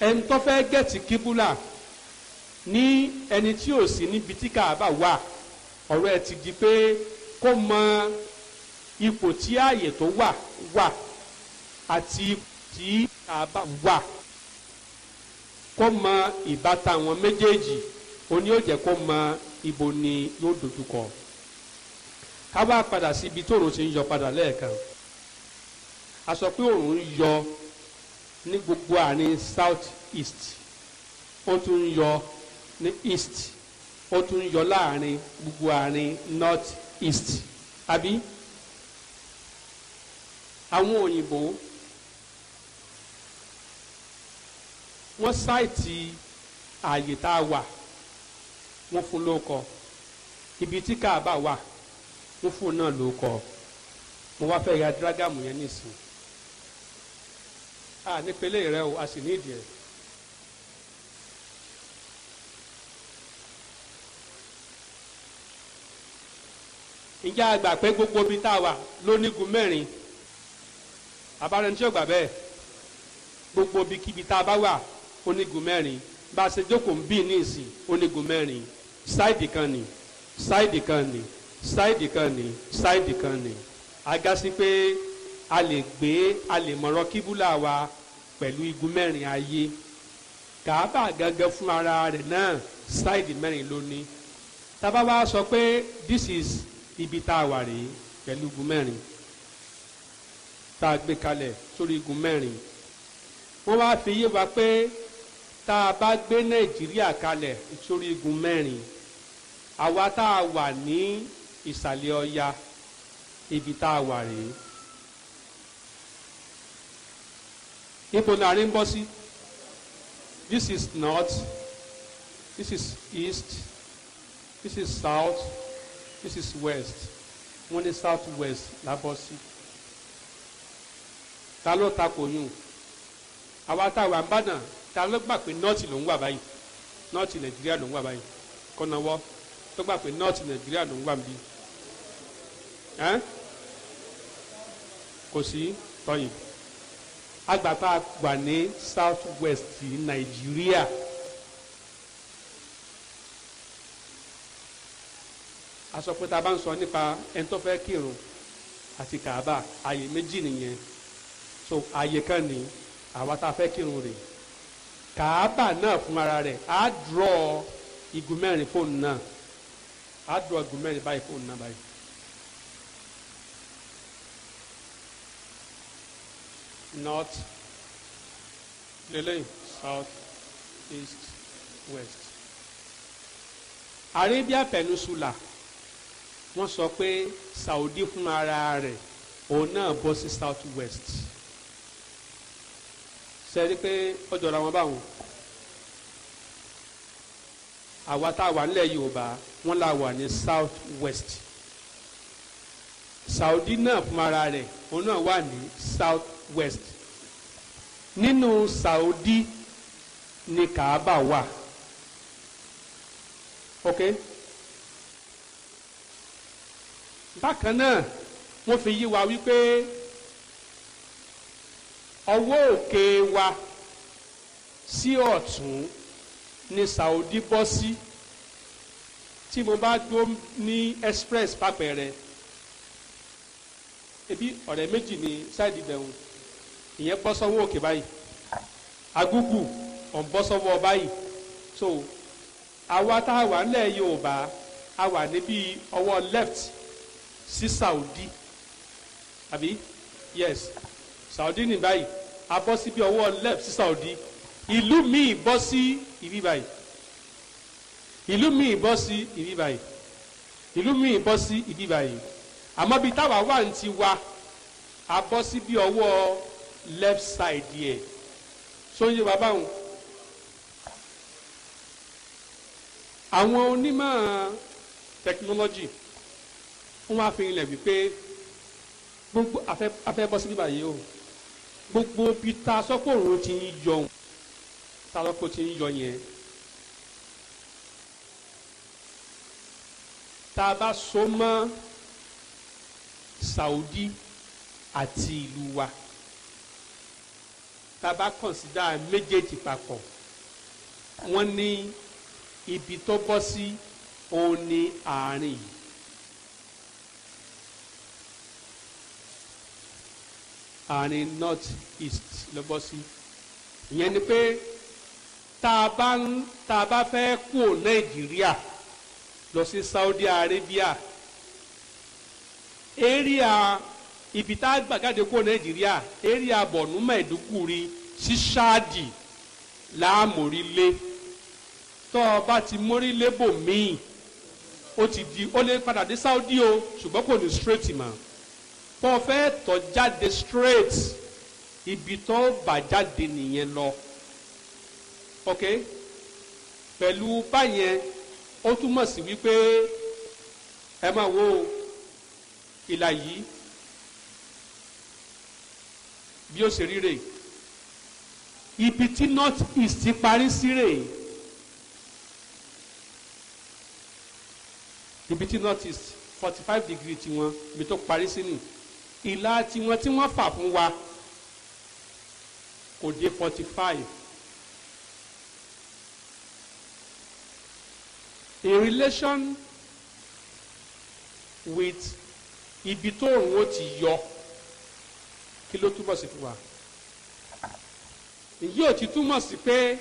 ẹni tó fẹ́ gẹ̀tì kíbúlà ní ẹni tí ò sí níbi tí kàábà wà ọ̀rọ̀ ẹ ti di pé kó mọ ipò tí ààyè tó wà wà àti ipò tí kàábà wà kó mọ ìbátan àwọn méjèèjì oní yóò jẹ́ kó mọ ibo ni yóò dojúkọ ká wá padà sí ibi tóòrùn ti ń yọ padà lẹ́ẹ̀kan a sọ pé òòrùn ń yọ ní gbogbo àárín south east ó tún ń yọ ní east ó tún ń yọ láàárín gbogbo àárín north east àbí àwọn òyìnbó wọ́n sáìtì ààyè tá a wà wọ́n fún lóko ibi tí káàbà wà wọ́n fún náà lóko mo wá fẹ́ ya dírágàmù yẹn nísìnyí à ah, nípele rẹ o a sì ní ìdí rẹ. ǹjẹ́ a gbà pé gbogbo ibi tá a wà ló nígun mẹ́rin àbárẹni tí ó gbà bẹ́ẹ̀ gbogbo ibi kíbi tá a bá wà ó mẹ́rin bá a ṣe jókòó ń bí ní ìsìn ó mẹ́rin sáìdì kan ni sáìdì kan ni sáìdì kan ni sáìdì kan ni agasi pé a lè gbé a lè mọ̀rọ̀ kíbúlà wa pẹ̀lú igun mẹ́rin ayé kàábà gángan fún ara rẹ̀ náà ṣáìdì mẹ́rin ló ní tábà wá sọ pé this is ibi tá a wà rèé pẹ̀lú igun mẹ́rin tá a gbé kalẹ̀ sórí igun mẹ́rin wọ́n wá fi yé wa pé tá a bá gbé nàìjíríà kalẹ̀ sórí igun mẹ́rin àwa tá a wà ní ìsàlẹ̀ ọya ibi tá a wà rèé. ibo la rí ń bọ́ sí this is north this is east this is south this is west wọ́n ní south west la bọ́ sí ta ló ta kò yùn àwa tá wà ń ta ló gbà pé north ló ń wà báyìí north nàìjíríà ló ń wà báyìí kọ́nàwọ́ tó gbà pé north nàìjíríà ló ń wà bí kò sí tọ́yìn. Agbata, gbà ní south west Nigeria. a a bá ń sọ nípa ẹni tó fẹ́ kírun àti kàába àyè méjì nìyẹn so àyè kan ní àwa tá a fẹ́ kírun rè kàába náà fún ara rẹ̀ á dúró igun mẹ́rin fóònù náà á dúró igun mẹ́rin báyìí fóònù náà báyìí. north lélẹ́yìn south east west Arabia Peninsula wọ́n sọ pé Saudi fún ara rẹ̀ òun náà bọ́ sí south west sẹ́ni pé ó jọra wọn báwọn àwa tá a wà nílẹ̀ Yorùbá wọ́n la wà ní south west Saudi náà fún ara rẹ̀ òun náà wà ní south west nínú Saudi ni Kaaba wà ok bákan náà wọ́n fi yí wa wípé ọwọ́ òkè wa sí ọ̀tún ni Saudi bọ́ sí tí mo bá gbó ní express pápẹ́ rẹ̀ ebi ọ̀rẹ́ méjì ni sáìdì bẹ̀rù ìyẹn bọ́ sọ́wọ́ òkè báyìí agúgù ọ̀n bọ́ sọ́wọ́ báyìí so àwa tá a wà nílẹ̀ Yorùbá a wà níbi ọwọ́ left sí Saudi àbí yes Saudi ní báyìí a bọ́ sí bí ọwọ́ left sí Saudi ìlú míì bọ́ sí ibi báyìí ìlú míì bọ́ sí ibi báyìí ìlú míì bọ́ sí ibi báyìí àmọ́ bí táwa wà ń ti wa a bọ́ sí bí ọwọ́ left side here. sóyè bàbá wọn. àwọn onímọ̀ tẹkinọ́lọ́jì wọ́n wá fi ilẹ̀ wípé gbogbo afẹ́ síbí báyìí o gbogbo bíi ta sọ́kò òun ti ń yọ òun ta sọ́kò ti ń yọ yẹn. tá a bá so mọ́ Saudi àti ìlú wa taba kọ̀nsídà méjèèjì papọ̀ wọ́n ní ibi tó bọ́ sí òun ní àárín yìí. àárín north east ló bọ́ sí ìyẹn ni pé tá a bá ń fẹ́ kúrò Nàìjíríà lọ sí Saudi Arabia area ibi tá a gbà jáde kó nàìjíríà eria bọ̀nú mẹ́ẹ̀dúkùrí sí ṣáàdì láàmórílé tó o bá ti mórílé bò míì ó ti di ó lè padà dé saudi o ṣùgbọ́n kò ní straight mọ́ tó o fẹ́ tọ́ jáde straight ibi tó o bà jáde nìyẹn lọ ok pẹ̀lú báyẹn ó túmọ̀ sí wípé ẹ máa wo ìlà yìí bí ó ṣe rí rèé ibi tí north east parí sí rèé ibi tí north east forty five degree tiwọn ibi tó parí sí nì ìlà tiwọn tí wọ́n fà fún wa kò dé forty five in relation with ibi tó òun ó ti yọ kí ló túmọ̀ sí fún wa èyí ò ti túmọ̀ sí pé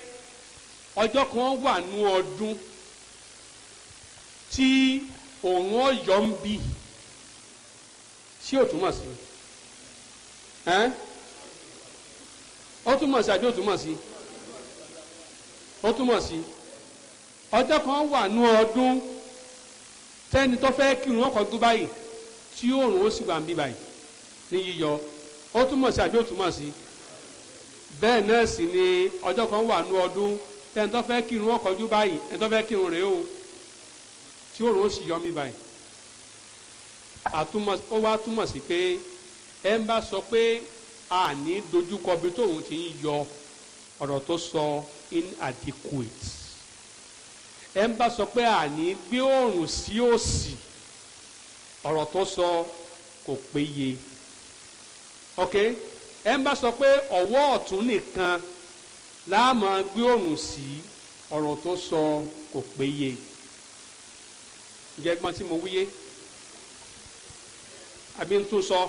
ọjọ́ kan wà nú ọdún tí òun ọ̀yọ́ ń bì sí ò túmọ̀ sí ẹ́n ó túmọ̀ sí àbí ó túmọ̀ sí ó túmọ̀ sí ọjọ́ kan wà nú ọdún tẹ́ni tó fẹ́ kírun ọkọ̀ gbó tí òòrùn ó sì wà ń bí báyìí ní yíyọ ó túmọ̀ sí àbí ó túmọ̀ sí bẹ́ẹ̀ náà sì ni ọjọ́ kan wà nú ọdún ẹni tó fẹ́ kírun ọkọ̀jú báyìí ẹni tó fẹ́ kírun rèé o tí òòrùn ó sì yọ mí báyìí àtúmọ̀ ó wá túmọ̀ sí pé ẹ ń bá sọ pé àní dojúkọ bí tóun ti ń yọ ọ̀rọ̀ tó sọ inadequate ẹ ń bá sọ pé àní gbé òòrùn sí òsì ọ̀rọ̀ tó sọ kò péye ok ẹ ń bá sọ pé ọwọ́ ọ̀tún nìkan la máa gbé òrùn sí ọ̀rọ̀ tó sọ kò péye ǹjẹ́ gbọ́n tí mo wíyé àbí ń tún sọ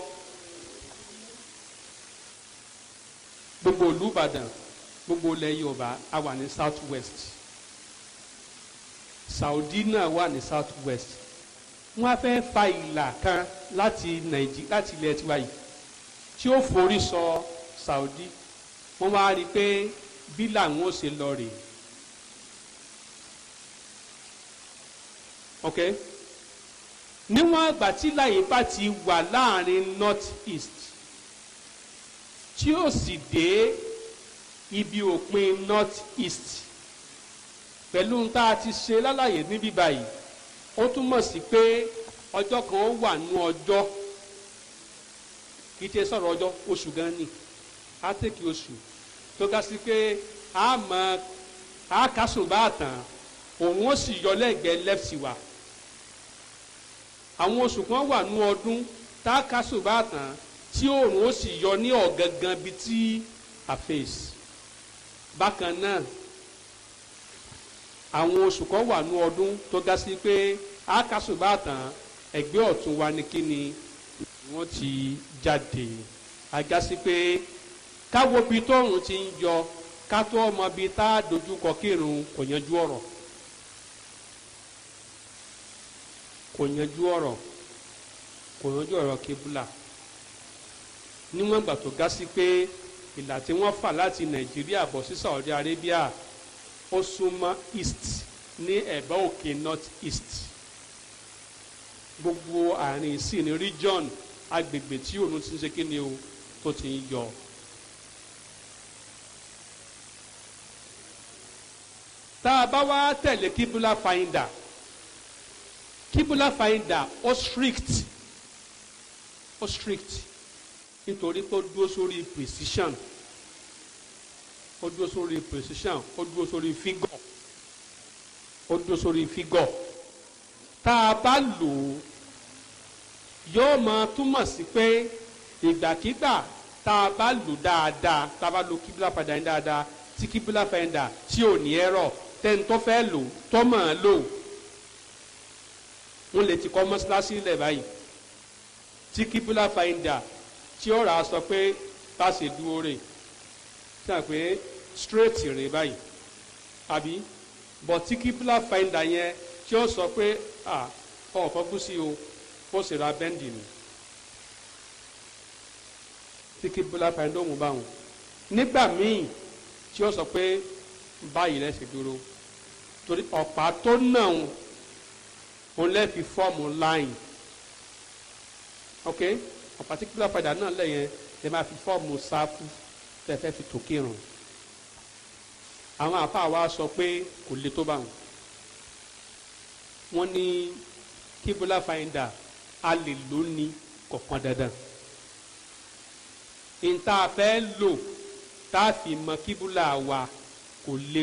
gbogbo ìlú gbogbo ilẹ̀ Yorùbá a wà ní south west Saudi náà wà ní south west wọ́n á fẹ́ fa ìlà kan láti Nàìjíríà láti ilẹ̀ tiwa yìí tí ó forí sọ Saudi wọ́n wá rí i pé bí làwọn ò ṣe lọ rèé ok níwọ̀n àgbà tí láyé bá ti wà láàrin north east tí ó sì dé ibi òpin north east pẹ̀lú ohun tá a ti ṣe lálàyé níbí báyìí ó túmọ̀ sí pé ọjọ́ kan ó wà nú ọjọ́. No kì í tẹ sọ̀rọ̀ ọjọ́ oṣù gan ni á oṣù tó ga sí pé a mọ a kásùn bá tàn òun ó sì yọ lẹ́gbẹ̀ẹ́ lẹ́fì wa àwọn oṣù kan wà nú ọdún tá a kásùn bá tàn tí òun ó sì yọ ní ọ̀gangan bíi tí àfẹ́sì bákan náà àwọn oṣù kan wà nú ọdún tó ga sí pé a kásùn bá tàn ẹgbẹ́ ọ̀tún wa ni kí ni wọ́n ti jáde àjásí pé káwo bi tóòrùn ti ń yọ ká tó ọmọ bi tá a dojú kọ kírun kò yanjú ọ̀rọ̀ kò yanjú ọ̀rọ̀ kò yanjú ọ̀rọ̀ kébùlà níwọ̀n ìgbà tó ga sí pé ìlà tí wọ́n fà láti nàìjíríà bọ̀ sí saudi arabia ó súnmọ́ east ní ẹ̀bá òkè north east gbogbo àárín sí ní region agbègbè tí òun ti ń ṣe kí ni o tó ti ń yọ. tá a bá wá tẹ̀lé kíbúlà finder kíbúlà finder ó strict ó strict nítorí pé ó dúró sórí precision ó dúró sórí precision ó dúró sórí figure ó dúró sórí figure tá a bá lò ó yóò máa túmọ̀ sí pé ìgbàkigbà tá a bá lò dáadáa tá a bá lo kíbílà padà yín dáadáa tí kíbílà fẹ́ndà tí ò ní ẹ̀rọ tẹ́ni tó fẹ́ lò tọ́ mọ̀ ọ́n lò wọ́n lè ti kọ́ mọ́ṣáláṣí ilẹ̀ báyìí tí kíbílà fẹ́ndà tí ó rà á sọ pé bá a ṣe dúró rè tí a pè é straight rè báyìí àbí bọ̀ tí kíbílà fẹ́ndà yẹn tí ó sọ pé ọ̀fọ́gùsì o. Ah, oh, bó sì ra bẹ́ǹdì nù tí kí bọ́lá fàndóhùn bá wọn nígbà míì tí ó sọ pé báyìí lẹ́sẹ̀ dúró torí ọ̀pá tó nà ń òun lẹ́ẹ̀fi fọ́ọ̀mù láìn ok ọ̀pá tí bọ́lá fàdà náà lẹ́yìn lè máa fi fọ́ọ̀mù sáfù tẹ́fẹ́ fi tòkè rùn àwọn àfa wa sọ pé kò le tó bá wọn wọn kí bọ́lá fàdà a lè lò ní kọ̀kan dandan nta fẹ́ lò tá a fi mọ kíbúlà wa kò lè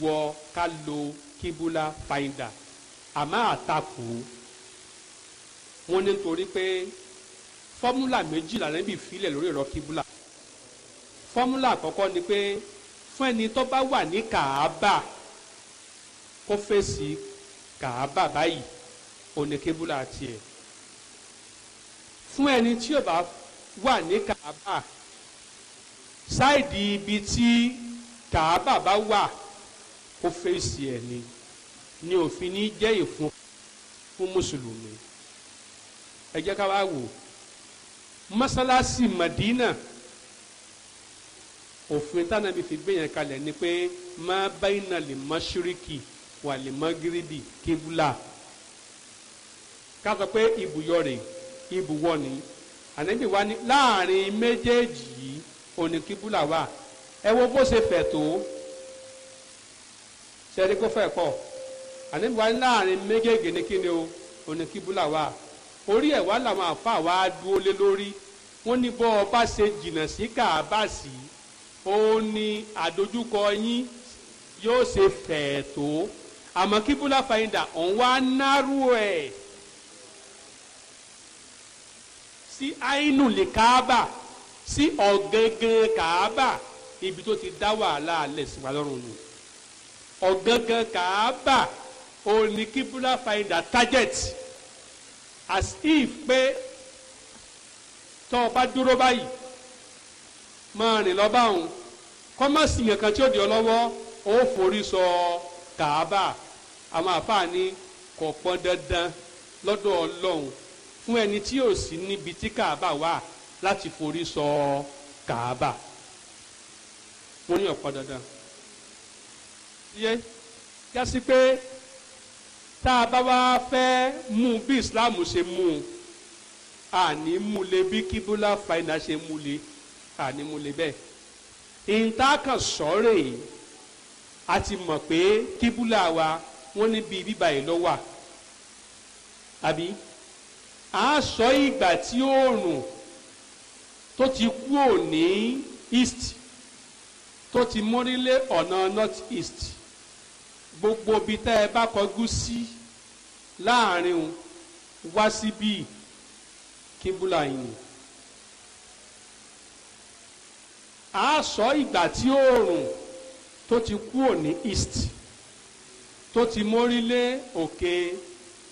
wọ ká lo kíbúlà finder àmọ́ àtakò wọn ní nítorí pé fọ́múlà méjìlá níbi ìfilẹ̀ lórí ọ̀rọ̀ kíbúlà fọ́múlà àkọ́kọ́ ni pé fún ẹni tó bá wà ní kàábà kó fèsì kàábà báyìí òní kíbúlà tiẹ̀ fún ẹni tí ó bá wà ní Kaaba sáìdì ibi tí Kaaba bá wà kó fèsì ẹ̀ ni ni òfin ní jẹ́ ìfún fún mùsùlùmí ẹ jẹ́ ká wá wò mọ́sálásí Madina òfin tánàbí fi gbé yẹn kalẹ̀ ni pé má báyìí lè mọ ṣíríkì wà lè mọ gíríbì kíbúlà ká sọ pé ibùyọ rèé ibùwọ̀ ni ànábì wa ní láàrin méjèèjì yìí òní kíbúlà wà ẹ wo bó ṣe fẹ̀ tó ṣẹ́ni kó fẹ́ pọ̀ ànábì wa ní láàrin méjèèjì ní kíni o òní kíbúlà wà orí ẹ̀ wá làwọn àfa wa dúró lé lórí wọ́n ní bọ́ ọ bá ṣe jìnnà sí kàábà sí ó ní àdójúkọ yín yóò ṣe fẹ̀ tó àmọ́ kíbúlà fàyín òun wá nárú ẹ̀. sí àínú lè káábà sí ọ̀gángan káábà ibi tó ti dá wàhálà alẹ̀ sí wa lọ́rùn nù ọ̀gángan káábà òun ni kíbúlà finder target as if pé tọ́ ọ bá dúró báyìí máa rìn lọ báwọn kọ́mọ̀sì yẹn kan tí ó di ọ lọ́wọ́ ó forí sọ kàábà àwọn àfáà ní kò pọn dandan lọ́dọ̀ ọlọ́run fún ẹni tí yóò sí níbi tí Kaaba wà láti forí sọ Kaaba mo ní ọ̀pọ̀ dandan yẹ yásí pé tá a bá wá fẹ́ mú bí Islam ṣe mú un àní mú le bí kíbúlá fàìnà ṣe mú àní mú le bẹ́ẹ̀ ìntàkàn sọ́ọ̀rẹ́ a ti mọ̀ pé kíbúlá wa wọ́n níbi bíbá yìí lọ́wọ́ àbí a sọ ìgbà tí oòrùn tó ti kúò ní east tó ti mórílé ọ̀nà north east gbogbo ibi tá ẹ bá kọjú sí láàrin wá síbí kíbúlà yìí a sọ ìgbà tí oòrùn tó ti kúò ní east tó ti mórílé òkè. Okay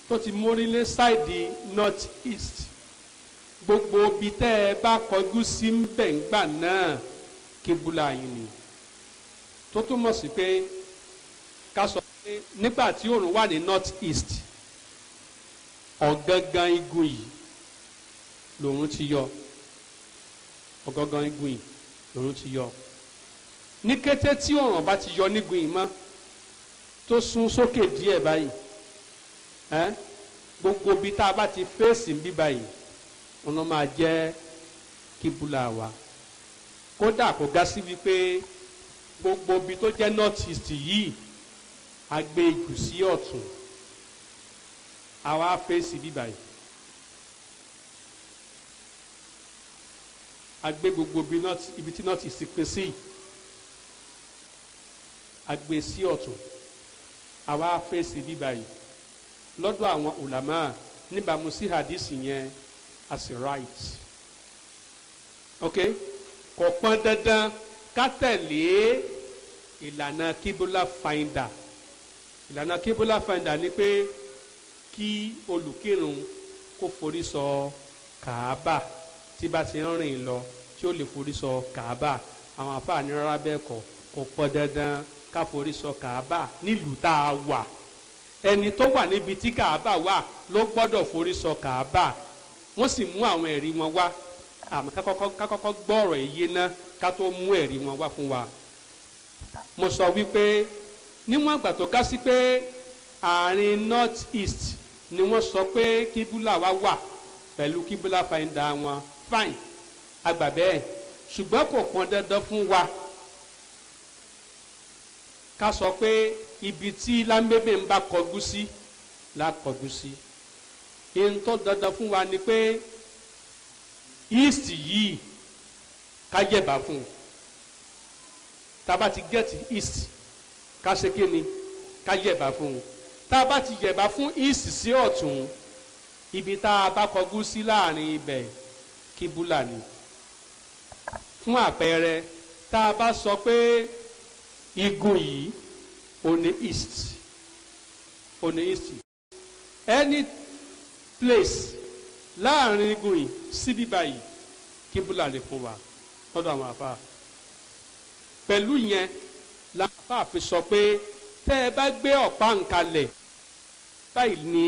tó ti mórí lé ṣáìdì north east gbogbo ibi tẹ́ ẹ bá kọjú sí ń bẹ̀ ńgbà náà kébùlà yìí ni tó túmọ̀ sí pé ká sọ pé nígbà tí òòrùn wà ní north east ọ̀gángan igun yìí lòòrùn ti yọ ọ̀gángan igun yìí lòòrùn ti yọ ní kété tí òòrùn bá ti yọ nígun yìí mọ́ tó sún sókè díẹ̀ báyìí ẹ gbogbo bí tá a bá ti fèsì ń bí báyìí wọn lọ máa jẹ kíbúlà wa kódà kò ga síbi pé gbogbo bí tó jẹ north east yìí a gbé jù sí ọ̀tún àwa fèsì bí báyìí a gbé gbogbo ibi tí north pín sí a gbé sí ọ̀tún àwa fèsì bí báyìí lọ́dọ̀ àwọn ulama níbàámu sí hadith yẹn as a right ok kò pọn dandan ká tẹ̀lé ìlànà kíbúlà finder ìlànà kíbúlà finder ni pé kí olùkírun kó forí sọ kàába tí bá ti ń rìn lọ tí ó lè forí sọ kàába àwọn afáàní rárá bẹ́ẹ̀ kọ́ kò pọn dandan ká forí sọ kàába nílùú tá a wà ẹni tó wà níbi tí kàábà wà ló gbọ́dọ̀ forí sọ kàábà wọ́n sì mú àwọn ẹ̀rí wọn wá àmọ́ kákọ́kọ́ gbọ́ ọ̀rọ̀ èyí ká tó mú ẹ̀rí wọn wá fún wa. mo sọ wípé níwọ̀n àgbà tó ká sí pé àárín north east ni wọ́n sọ pé kíbúlà wa wà pẹ̀lú kíbúlà fàyíǹda wọn fine àgbà bẹ́ẹ̀ ṣùgbọ́n kò pọn dandan fún wa ká sọ pé ibi tí lámbébè ń bá kọjú sí la sí ihun tó dandan fún wa ni pé east yìí ká yẹ̀bà fún un ti get east ká ṣe ni ká yẹ̀bà fún un tá ti yẹ̀bà fún east sí ọ̀tún ibi tá a bá kọjú sí láàrin ibẹ̀ kíbúlà ni fún àpẹẹrẹ tá a bá sọ pé igun yìí. Oneist. Oneist. Any place láàrin igun yìí síbí báyìí kíbúlà lè fún wa lọ́dọ̀ àwọn àfa. Pẹ̀lú yẹn làwọn àfa fi sọ pé tẹ́ ẹ bá gbé ọ̀pá nkalẹ̀ báyìí ni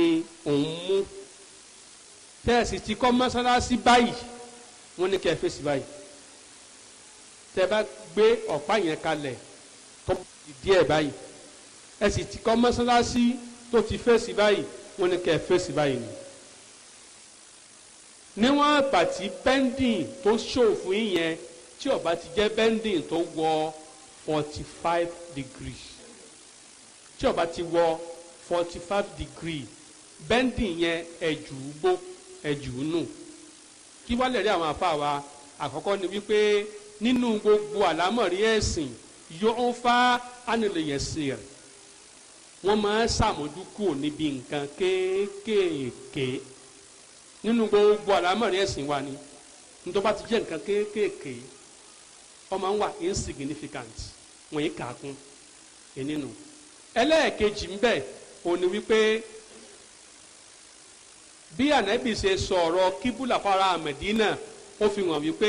òun mú tẹ́ ẹ sì ti kọ́ mọ́sálásí báyìí wọ́n ní kẹ́ ẹ fèsì báyìí tẹ́ ẹ bá gbé ọ̀pá yẹn kalẹ̀ tó di díẹ̀ báyìí ẹ sì ti kọ́ mọ́sálásí tó ti fèsì báyìí wọ́n ní kẹ́ ẹ fèsì báyìí ni. níwọ̀n àgbà bending tó ṣòfin yẹn tí ó bá ti jẹ́ bending tó wọ forty five degrees. tí ó bá ti wọ forty five degrees bending yẹn ẹ̀jù gbó ẹ̀jù nù kí wọ́n lè rí àwọn àfa wa àkọ́kọ́ ni wípé nínú gbogbo àlámọ̀rí ẹ̀sìn yóò ń fa ánìlẹ̀yẹsìn rẹ̀ wọ́n máa ń ṣàmójúkú níbi nǹkan kéékèèké nínú gbogbo àlámọ̀rẹ́ ẹ̀sìn wa ni nítorí bá ti jẹ́ nǹkan kéékèèké ọmọ ń wà insignificant wọ́n yìí kàákún ẹ̀nínú ẹlẹ́ẹ̀kejì ń bẹ òní wípé bí ànábì ṣe sọ̀rọ̀ kíbùlà fara àmẹ̀dínà ó fi hàn wípé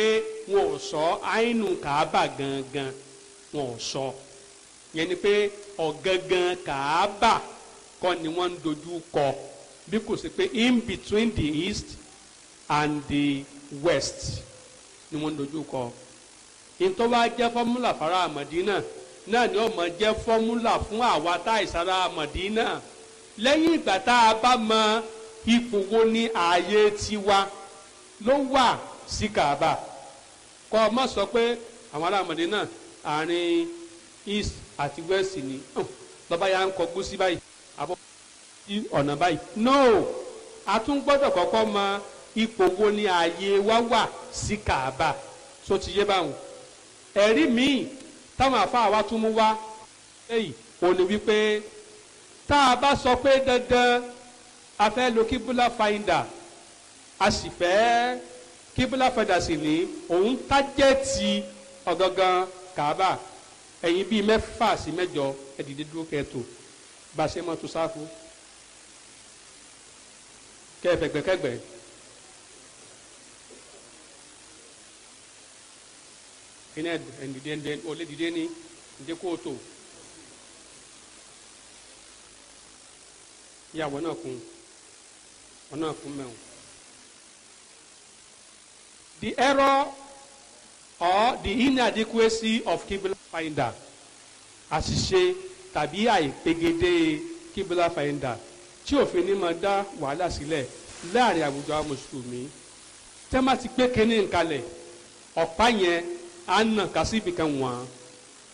wọn ò sọ àínú kàábà gangan wọn ò sọ. So yẹn ni pé ọ̀gangan kàábà kọ́ ni wọ́n ń dojú kọ bí kò sí pé in between the east and the west ni wọ́n ń dojú kọ ìtọ́ wa jẹ́ fọ́múlà fara àmọ̀dínà náà ni ọmọ jẹ́ fọ́múlà fún àwa tá ìsara àmọ̀dínà lẹ́yìn ìgbà tá a bá mọ ipò wo ni ààyè tiwa ló wà sí kàábà kọ́ ọ mọ̀ sọ pé àwọn ará àmọ̀dínà àárín east àti west ni oh, lọ́ba ya ń kọ gúúsí báyìí àbọ̀ ọ̀nà báyìí no a tún gbọ́dọ̀ kọ́kọ́ mọ ipò wo ni ààyè wa wà sí Kaaba tó ti yé báwọn ẹ̀rí míì táwọn àfáà wa tún mú wá lẹ́yìn òun ni wípé tá a bá sọ pé dandan a fẹ́ lo kíbúlà finder a sì fẹ́ kíbúlà finder sì ní òun tájẹ́ẹ̀tì ọ̀gangan Kaaba ẹ̀yin bíi mẹ́fà sí mẹ́jọ ẹ dúró kẹ́ẹ̀tò bá tó sáfù kẹ́ẹ̀fẹ̀gbẹ́kẹ́gbẹ́. iná ẹ̀ǹdìdẹ́ ẹ̀ǹdẹ́ olédìdé ní ǹdẹ́ kó o tò ìyàwó náà kún ọ̀nà kún mẹ́wọ̀n. the error or the inadequacy of kibla finder àṣìṣe tàbí àìpegedé kibla finder tí òfin ni máa dá wàhálà sílẹ̀ láàrin àwùjọ àwọn mùsùlùmí tẹ́ má ti gbé kínní nkalẹ̀ ọ̀pá yẹn á nà ká sí ibìkan wọ̀n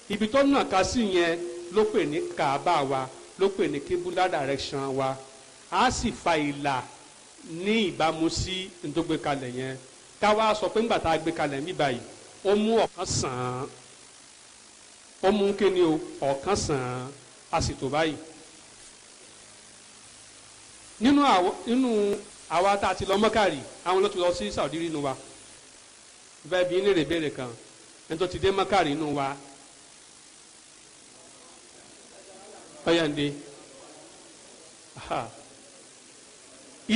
ibi tó nà ká sí yẹn ló pè ní kaaba wa ló pè ní kibla direction wa á sì fa ìlà ní ìbámu sí ntògbékalẹ̀ yẹn ká wá sọ pé ńgbà tá a gbé kalẹ̀ mí báyìí ó mú ọ̀kan sàn án ó mú kíni o ọ̀kan sàn án a sì tó báyìí nínú àwọn nínú àwa tá a ti lọ mọ́kàrí àwọn ló ti lọ sí Saudi nínú wa bẹ́ẹ̀ bí ní rèbèrè kan ẹni tó ti dé mọ́kàrí nínú wa ọ̀yàǹde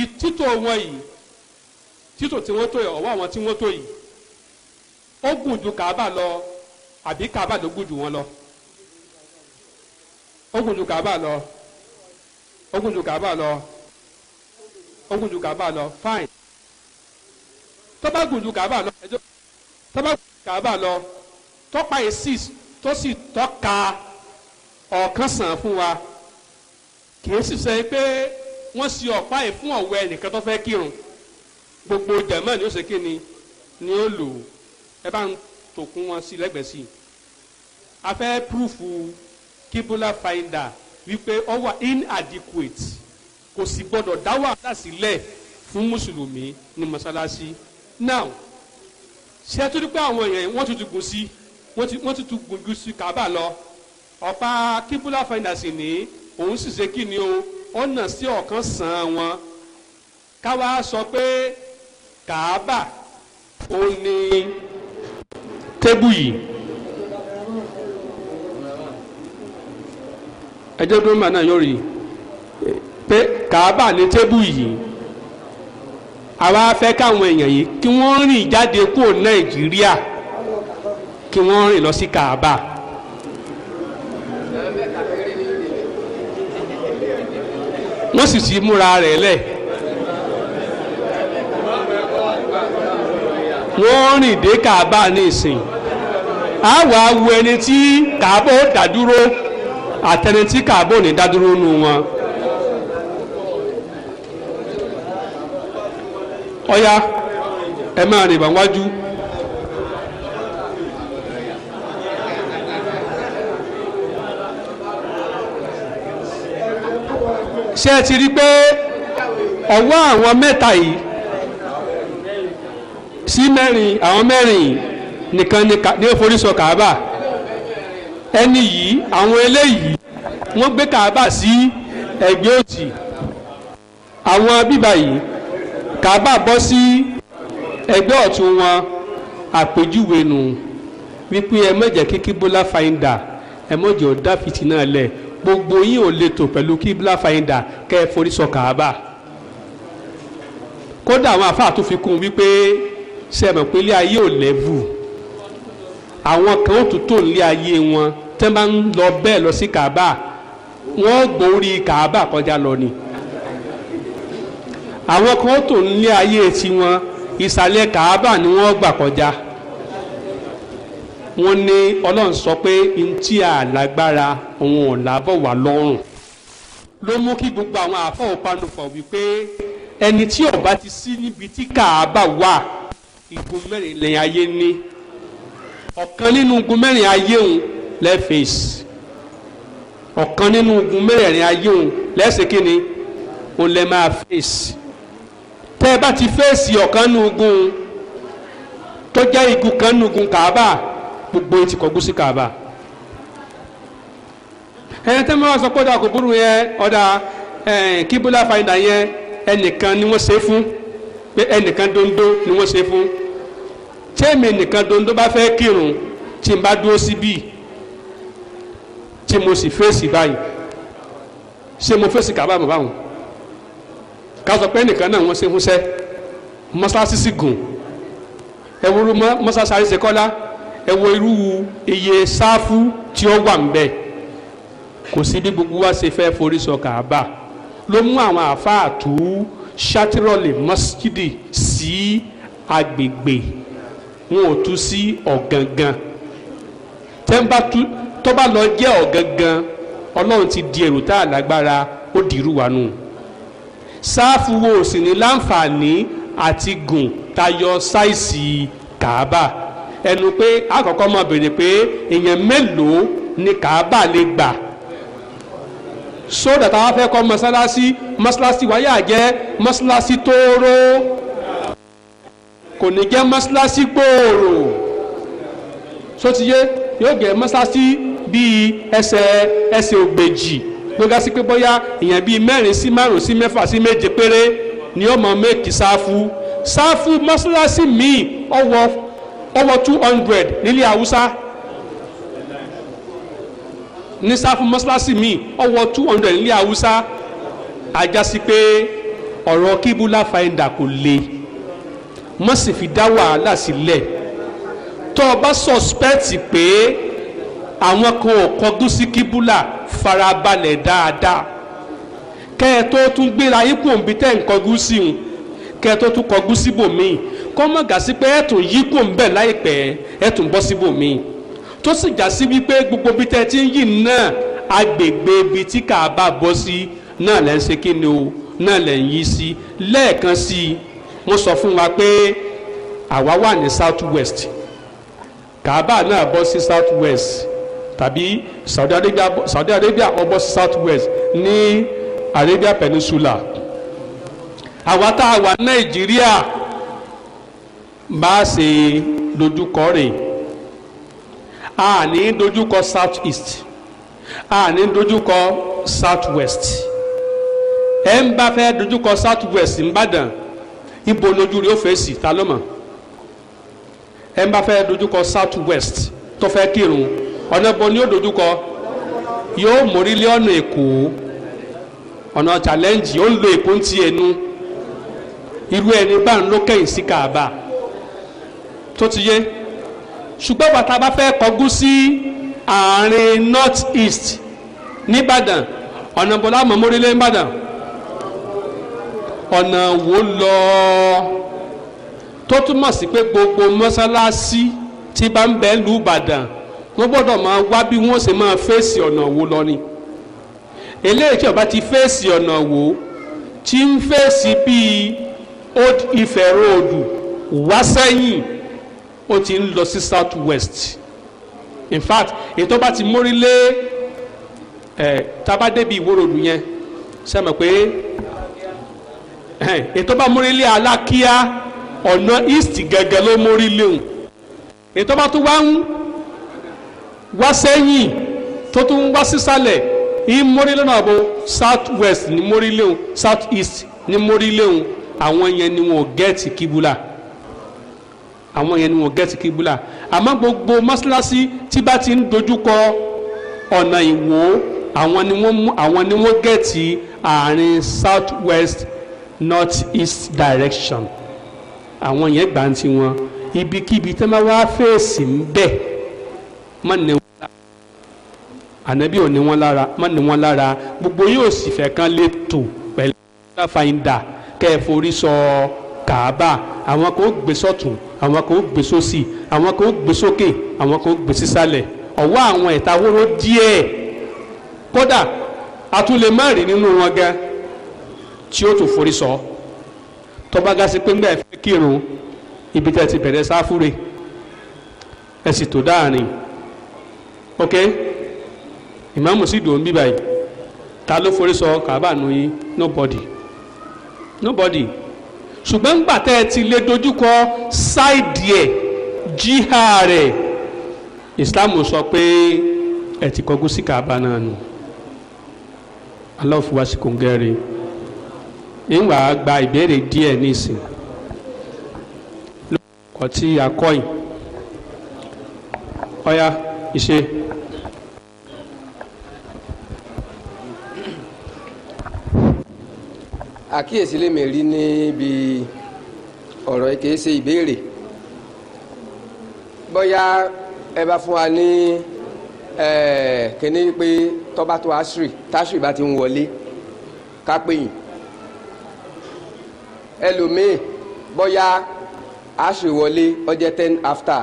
ìtítò wọn yìí títò tí wọ́n tó yẹ ọ̀wọ́ àwọn tí wọ́n tó yìí ó gùn ju kàábà lọ àbí kàábà ló gùn ju wọn lọ ó gùn ju kàábà lọ ó gùn ju kàábà lọ ó gùn ju kàábà lọ fine tó bá gùn ju kàábà lọ ẹjọ́ tó bá gùn ju kàábà lọ tó pa èsì tó sì tọ́ka ọ̀kan sàn fún wa kì í sì sọ pé wọ́n ṣe ọ̀pá yìí fún ọ̀wẹ́ nìkan tó fẹ́ kírun gbogbo jẹ̀mọ́ ni ó ṣe kí ni ni ó lò ó ẹ bá ń tòkun wọn sí lẹ́gbẹ̀ẹ́ sí i a fẹ́ púrúfù kíbúlà finder wípé ó inadequate kò sì gbọdọ̀ dá wàhálà sílẹ̀ fún mùsùlùmí ní mọ́sálásí now ṣé ẹ tó dúpẹ́ àwọn èèyàn wọ́n tuntun gùn sí wọ́n tuntun gùn jù sí kábà lọ ọ̀pá kíbúlà finder sì ní òun sì ṣe kí ni o ọ̀nà sí ọ̀kan sàn wọn káwa sọ pé kàábà ó ní. tébù yìí ẹjẹ dúrómà náà yóò rí pé kàábà ní tébù yìí àwa fẹ́ káwọn èèyàn yìí kí wọ́n rìn jáde kúrò nàìjíríà kí wọ́n rìn lọ sí kàábà. wọ́n sì ti múra rẹ̀ lẹ̀. wọ́n rìn dé kàbá ní ìsìn á wà á wo ẹni tí kàbó dádúró àtẹni tí kàbó ní dádúró nu wọn. ọ̀ya ẹ máa rìn bá ṣé ẹ ti rí i pé ọwọ́ àwọn mẹ́ta yìí sí mẹ́rin àwọn mẹ́rin nìkan ni ó forí sọ kàábà ẹni yìí àwọn eléyìí wọ́n gbé kàábà sí ẹ̀gbẹ́ òsì àwọn bíbá yìí kàábà bọ́ sí ẹ̀gbẹ́ ọ̀tún wọn àpèjúwe nù wípé ẹ má jẹ́ kí kíbólà fáìndà ẹ má jẹ́ ọ̀dà fìtínà lẹ̀ gbogbo yín ò lè tò pẹ̀lú kíbólà fáìndà kẹ́ ẹ forí sọ kàábà kódà àwọn àfáà tó wípé. ṣe mọ̀ pé ilé ayé ò lẹ́bù àwọn kan ó tún tò ayé wọn tẹ́ bá ń lọ bẹ́ẹ̀ lọ sí Kaaba wọ́n gbórí Kaaba kọjá lọ ni àwọn kan ó tò nílé ayé tiwọn ìsàlẹ̀ Kaaba ni wọ́n gbà kọjá wọ́n ní Ọlọ́run sọ pé ntí àlágbára òun ò lábọ̀ wá lọ́rùn ló mú kí gbogbo àwọn àfọwọ́panupọ̀ wípé ẹni tí ó bá ti sí níbi tí Kaaba wà. igun mẹ́rin lẹ́yìn ayé ní ọ̀kan nínú igun mẹ́rin ayé òun lẹ́fẹ̀ẹ́sì ọ̀kan nínú igun mẹ́rin ayé òun lẹ́sẹ̀ kínní òun lẹ́ máa fèsì tẹ́ ẹ bá ti fèsì ọ̀kan nínú igun tó jẹ́ igun kan nínú igun kàábà gbogbo etí kọ̀ọ̀gù sí kàábà ẹ̀yẹn tẹ́ mi wá sọ pé ọ̀dà kò yẹn ọ̀dà kíbúlà fàyìndà yẹn ẹnìkan ni wọ́n ṣe fún pé ẹnìkan dondo ni wọ́n ṣe fún tẹ́ẹ̀mì nìkan tó ń tó bá fẹ́ kírun tí n bá dúró síbí tí mo sì fèsì báyìí ṣé mo fèsì kábàámọ̀ báwọn ká sọ pé nìkan náà wọ́n ṣe fúnṣẹ́ mọ́ṣáláṣí sì gùn ẹ wo irú mọ́ṣáláṣí àríṣekọ́lá ẹ wo irú iye sáfù tí ó wà ń bẹ kò sí bí gbogbo wa ṣe fẹ́ forí sọ kàábà ló mú àwọn àáfàá tú ṣátírọ̀lì mọ́sídì sí agbègbè. Si wọn ò tú sí ọ̀gangan tẹ́ńbà tó bá lọ jẹ́ ọ̀gangan ọlọ́run ti di èrò tá a lágbára ó dìrú wa nù sáàfù wo sì ní láǹfààní àti gùn tayọ sáìsì kàábà ẹnu pé àkọ́kọ́ máa béèrè pé èèyàn mélòó ni kàábà lè gbà sódà táwa fẹ́ kọ́ mọ́sálásí mọ́sálásí wáyà jẹ́ mọ́sálásí tóóró kò ní jẹ́ mọ́ṣáláṣí gbòòrò sotiye yóò jẹ́ mọ́ṣáláṣí bíi ẹsẹ̀ ẹsẹ̀ ògbèjì ló ga sí pé bóyá èèyàn bíi mẹ́rin sí márùn sí mẹ́fà sí méje péré ni ó máa méèkì sáfù sáfù mọ́ṣáláṣí míì ọwọ́ ọwọ́ two hundred nílẹ̀ haúsá ní sáfù mọ́ṣáláṣí míì ọwọ́ two hundred nílẹ̀ haúsá àjásí pé ọ̀rọ̀ kíbúlá fàyẹ̀dà kò le má sì fi dá wàhálà sílẹ̀ tó o bá sọ̀spẹ́tì pé àwọn kan ò kọjú sí kíbúlà farabalẹ̀ dáadáa kẹ́ ẹ tó tún gbéra ipò òǹbí tẹ́ ń kọjú sí un kẹ́ ẹ tó tún kọjú síbòmíì kọ́ mọ̀ gà sí pé ẹ tún yí kò ń láìpẹ́ ẹ tún bọ́ síbòmíì tó sì gà sí wípé gbogbo bí tẹ́ ti ń yí náà agbègbè ibi tí kàá bá bọ́ sí náà lẹ́ ń ṣe kí o náà lẹ́ ń yí sí lẹ́ẹ̀kan sí i. wọ́n sọ fún wa pé àwa wà ní south west kaaba náà bọ́ sí south west tàbí Saudi Arabia Saudi Arabia wọ́n bọ́ sí south west ní Arabia Peninsula àwa tá a wà Nàìjíríà bá ṣe dojúkọ rẹ̀ a ní dojúkọ south east a ní dojúkọ south west ẹ̀ ń bá fẹ́ dojúkọ south west ń bàdàn ibo lójú rí ó fèsì ta ló mọ̀ ẹ bá fẹ́ dojúkọ south west tó fẹ́ kírun ọ̀nà ibo ni ó dojúkọ yóò mórí lé ọ̀nà èkó ọ̀nà challenge ó ń lo èkó ń ti ẹnu irú ẹni bá ń ló kẹ́yìn sí kaaba tó ti yé ṣùgbọ́n bàtà bá fẹ́ kọjú sí àárín north east nìbàdàn ọ̀nà bọ̀lá mọ̀mọ́rílẹ̀ nìbàdàn ọ̀nà wo lọ tó túmọ̀ sí pé gbogbo mọ́sálásí tí bá ń bẹ lù Ìbàdàn wọ́n gbọ́dọ̀ máa wá bí wọ́n ṣe máa fèsì ọ̀nà wo lọ ni eléyìí tí ó ti fèsì ọ̀nà wo tí ń fèsì bíi old Ifẹ̀ road wá sẹ́yìn ó ti ń lọ sí south west in fact èyí tó bá ti mórí lé ẹ̀ tábàdébí ìwó road yẹn sẹ́mi pé ètò bá mórílé alákíá ọ̀nà east gẹ́gẹ́ ló mórílé òun ètò bá tún wá ń wá sẹ́yìn tó tún wá sísàlẹ̀ ń mórílé náà bo south west ní mórílé òun south east ní mórílé òun àwọn yẹn ni wọn ò gẹ́ẹ̀tì kíbúlà àwọn yẹn ni wọn ò gẹ́ẹ̀tì kíbúlà àmọ́ gbogbo mọ́ṣáláṣí tí bá ti ń dojúkọ ọ̀nà ìwò àwọn ni wọ́n mú àárín south west north east direction àwọn yẹn gbà ń tiwọn ibikíbi tẹ́ máa wá fèsì ń bẹ̀ mọ́ ni wọ́n lára ànábì ò ní wọ́n lára mọ́ ni wọ́n lára gbogbo yóò sì fẹ́ kán lè tò pẹ̀lú ìgbà fàyíǹda kẹ́ ẹ forí sọ kàábà àwọn kò gbé sọ̀tún àwọn kò gbé sósì àwọn kò gbé sókè àwọn kò gbé sísàlẹ̀ ọ̀wọ́ àwọn ẹ̀ta wóró díẹ̀ kódà a tún lè má rí nínú wọn gan tí ó tún forí sọ tó bá ga sí pé ńgbà ẹ̀fẹ́ kírun ibi tẹ́ ti bẹ̀rẹ̀ sáfúre ẹ sì tó dáàrin ok ìmáàmù sì dùn bí báyìí ta ló forí sọ kàbá nu yín nobody nobody ṣùgbọ́n ńgbà tẹ́ ẹ ti lè dojúkọ ṣáìdì ẹ̀ jíhà rẹ̀ ìsìláàmù sọ pé ẹ ti kọjú kàbá náà nù aláwọ̀ fún wa sí kòǹgẹ́rẹ́ ń wàá gba ìbéèrè díẹ̀ nísìn lóko tí a kọ́ yìí ọ̀ya ìṣe. àkíyèsí lèmi rí níbi ọ̀rọ̀ kìí ṣe ìbéèrè bóyá ẹ bá fún wa ní kíní pé tọ́ba tó àṣírí táṣírí bá ti ń wọlé ká pè yín ẹlòmíì Mee: àṣewọlé ọjẹ́ ten after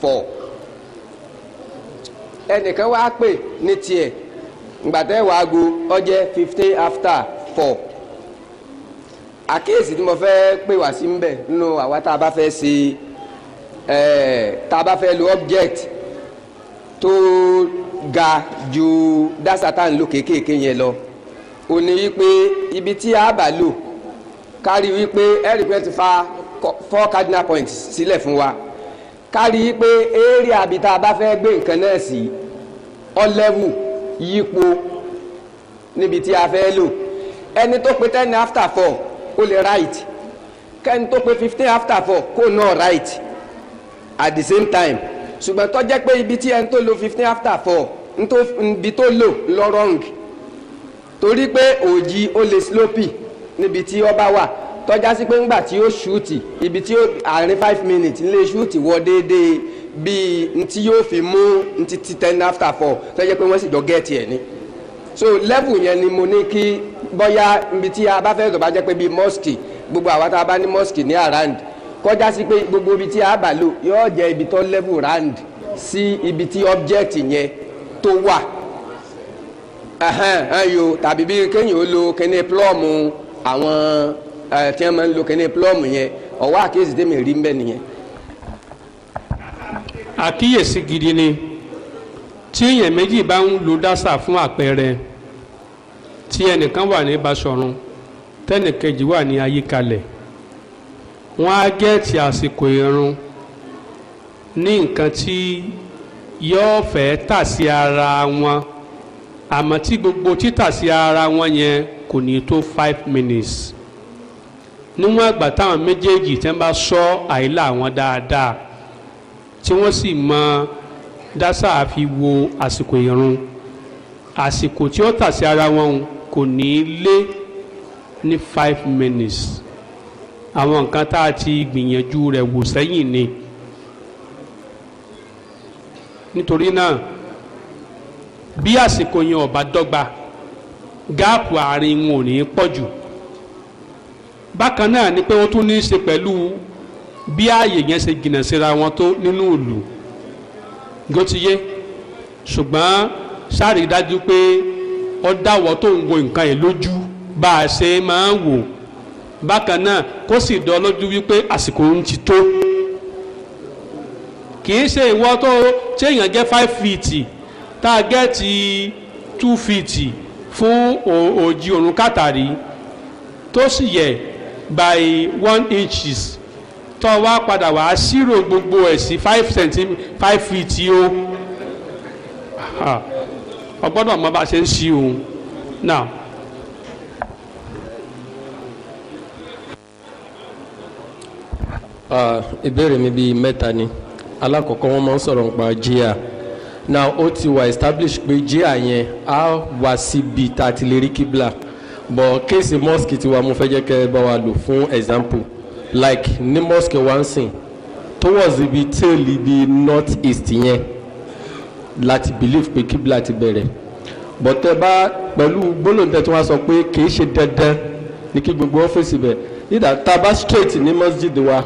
four ẹnìkan wá pè ní tiẹ̀ ngbàtẹ́ wàá go ọjẹ́ fifteen after four àkíyèsí tí mo fẹ́ pè wá sí mbẹ̀ nínú àwa tá a bá fẹ́ ṣe ẹ̀ẹ́ tá a bá fẹ́ lo object tó ga ju ibi tí a bá kárí wípé ẹ̀rí pé ti fa four cardinal points sílẹ̀ fún wa kárí wípé eré àbí tá a bá fẹ́ gbé nǹkan náà sí ọlẹ́wù yípo níbi tí a fẹ́ lò ẹni tó pe ten after four kó lè right kẹ́ni tó pe fifteen after four kó náà right at the same time ṣùgbọ́n tó jẹ́ pé ibi tí ẹni tó lo fifteen after four ibi tó lò lọ wrong torí pé òòjì ó lè sloppy níbi tí ọba bá wà tọ́já sí pé ńgbà tí ó ṣúùtì ibi tí ó àárín five minutes nílé ṣúùtì wọ déédéé bíi ntí yóò fi mú ntí ti ten after four tó jẹ́ pé wọ́n sì jọ gẹ́ẹ̀tì ẹ̀ ni so level yẹn ni mo ní kí bọ́yá ibi tí a bá fẹ́ tó bá jẹ́ pé bíi mosque gbogbo àwa tá a bá ní mosque ní around kọjá sí pé gbogbo ibi tí a bá lò yóò jẹ́ ibi tó level round sí ibi tí object yẹn tó wà ẹ̀hán ẹ̀yọ tàbí bí kéèyàn ó lo kíní plọ́ọ̀mù. àwọn tí wọ́n máa ń lo kẹ́ni plọ́ọ̀mù yẹn ọ̀wọ́ àkíyèsí tèmi rí mbẹ́ nìyẹn. àkíyèsí gidi ni tí èèyàn méjì bá ń lo dásà fún àpẹẹrẹ tí ẹnìkan wà ní Basọ̀run tẹ́nìkejì wà ní Ayíkalẹ̀ wọ́n á gẹ́ẹ̀tì àsìkò ìrun ní nǹkan tí yóò fẹ́ tà sí ara wọn àmọ́ tí gbogbo títà sí ara wọn yẹn kò ní tó five minutes níwọ̀n àgbà táwọn méjèèjì tẹ́ ń bá sọ àìlà wọn dáadáa tí wọ́n sì mọ dásà fi wo àsìkò ìrun àsìkò tí ó tà sí ara wọn kò ní lé ní five minutes àwọn nǹkan tá a ti gbìyànjú rẹ̀ wò sẹ́yìn ni nítorí náà bí àsìkò yẹn ò bá dọ́gba gáàpù àárín wọn ò ní pọ̀ jù bákan náà ni pé wọ́n tún ní í ṣe pẹ̀lú bí ààyè yẹn ṣe jìnnà síra wọn tó nínú ìlú gótíyé ṣùgbọ́n sáré dájú pé ó dáwọ́ tó ń wo nǹkan yìí lójú bá a ṣe máa ń wò bákan náà kó sì dán lójú wípé àsìkò ń ti tó kì í ṣe ìwọ tó ṣéèyàn jẹ́ five feet tágẹ́ẹ̀tì two fifty fún òjì òrùn kàtàrí tó sì yẹ by one inches tó wá padà wá ṣírò gbogbo ẹ̀ sí five centimeter five feet o ọgbọ́dọ̀ mọ bá ṣe ń ṣí now. Ah, ìbéèrè mi bíi mẹ́ta ni alákọ̀ọ́kọ́ wọ́n máa ń sọ̀rọ̀ nípa jíà. now ó ti wà established pé jíà yẹn á wá síbi tá a ti lè rí kíbla but kéèsì mosque tiwa mo fẹ́ jẹ́ kẹ́ ẹ bá wa lò fún example like ní mosque wansin towards ibi tail ibi north east yẹn láti believe pé kíbla ti bẹ̀rẹ̀ but tẹ bá pẹ̀lú gbólóńtẹ tí wọ́n sọ pé kìí ṣe dandan ní kí gbogbo ọ́fíìsì bẹ̀ nígbà tá a bá straight ní masjid wa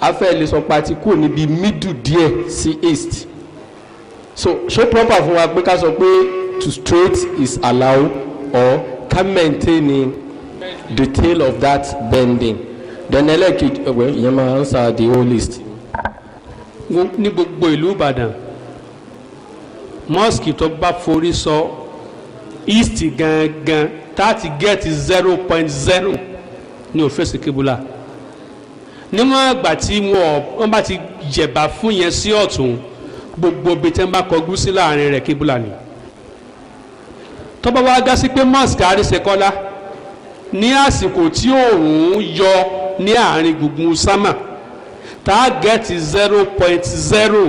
afẹ́ lè sọ pé a ti kúrò níbi middle díẹ̀ sí east so ṣé proper fún wa pé ká sọ pé to straight is allowed or can maintain the tail of that bending then ẹlẹ́kejì ọ̀gbẹ́ eh, ìyẹn máa answer the whole list. ní gbogbo ìlú Ìbàdàn mosque tó bá forí sọ east gangan thirty get zero point zero ní òfèsì kébùlà níwọ̀n ìgbà tí wọ́n bá ti jẹ̀bà fún yẹn sí ọ̀tún gbogbo ibi tí wọ́n bá kọjú sí láàrin rẹ̀ kíbúlà ni tọ́ba wa gá sí pé mosque àríṣekọ́lá ní àsìkò tí òòrùn yọ ní àárín gbùngbùn sámà táàgẹ́tì zero point zero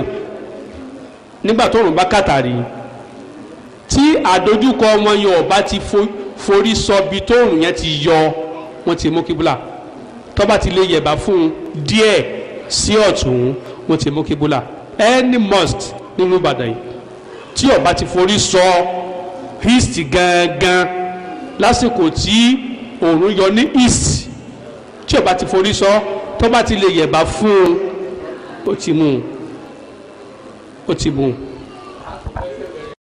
nígbà tó òòrùn bá kàtàrí tí àdójúkọ wọn yọ ọba ti forí sọ bí tó òòrùn yẹn ti yọ wọn ti mú kíbúlà tọ́ba ti lè yẹ̀bá fún un díẹ̀ sí ọ̀tún wọn ti mú kíbúlà any must nínú Ìbàdàn yìí tí ó bá ti forí sọ east gangan lásìkò tí òòrùn yọ ní east tí ó bá ti forí sọ tó ti lè yẹ̀bá fún un ó ti mú un ó ti mú un.